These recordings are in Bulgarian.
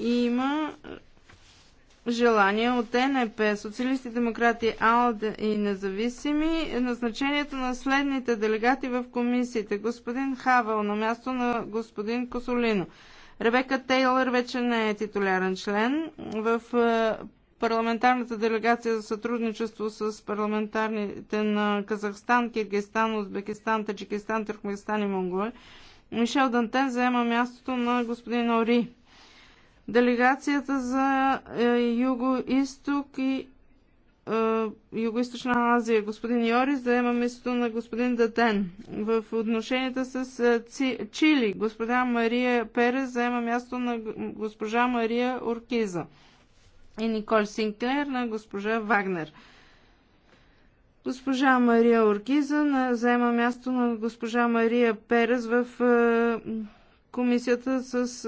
има желание от НП, социалисти, демократи, АЛД и независими назначението на следните делегати в комисиите. Господин Хавел на място на господин Косолино. Ребека Тейлър вече не е титулярен член. В е, парламентарната делегация за сътрудничество с парламентарните на Казахстан, Киргизстан, Узбекистан, Таджикистан, Туркменистан и Монголия Мишел Дантен заема мястото на господин Ори. Делегацията за е, Юго-Исток и е, Юго-Источна Азия, господин Йорис, заема мястото на господин Датен. В отношенията с е, Чили, господа Мария Перес заема място на госпожа Мария Оркиза и Николь Синклер на госпожа Вагнер. Госпожа Мария Оркиза заема място на госпожа Мария Перес в комисията с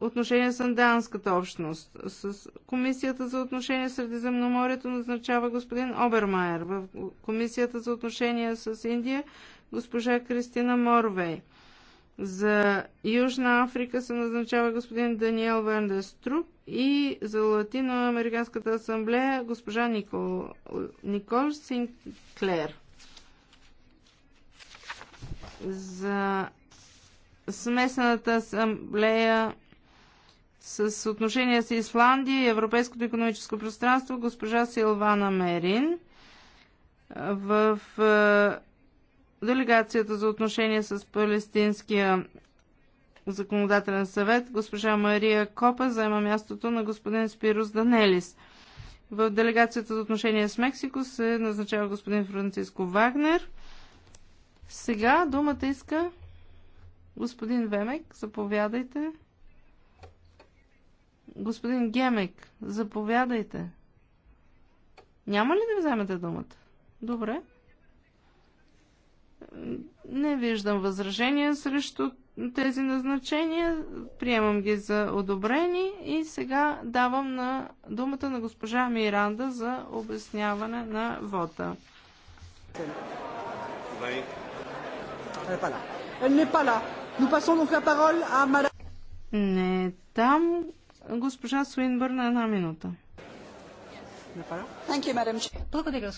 отношения с анданската общност. С Комисията за отношение с Средиземноморието назначава господин Обермайер. В Комисията за отношения с Индия госпожа Кристина Морвей. За Южна Африка се назначава господин Даниел Вендеструп и за Латиноамериканската асамблея госпожа Никол, Никол Синклер. За смесената асамблея с отношения с Исландия и Европейското економическо пространство госпожа Силвана Мерин в е, делегацията за отношения с Палестинския законодателен съвет госпожа Мария Копа заема мястото на господин Спирос Данелис. В делегацията за отношения с Мексико се назначава господин Франциско Вагнер. Сега думата иска господин Вемек. Заповядайте. Господин Гемек, заповядайте. Няма ли да вземете думата? Добре. Не виждам възражения срещу тези назначения. Приемам ги за одобрени и сега давам на думата на госпожа Миранда за обясняване на вота. Не е там. Госпожа Суинбърна, една минута. Благодаря,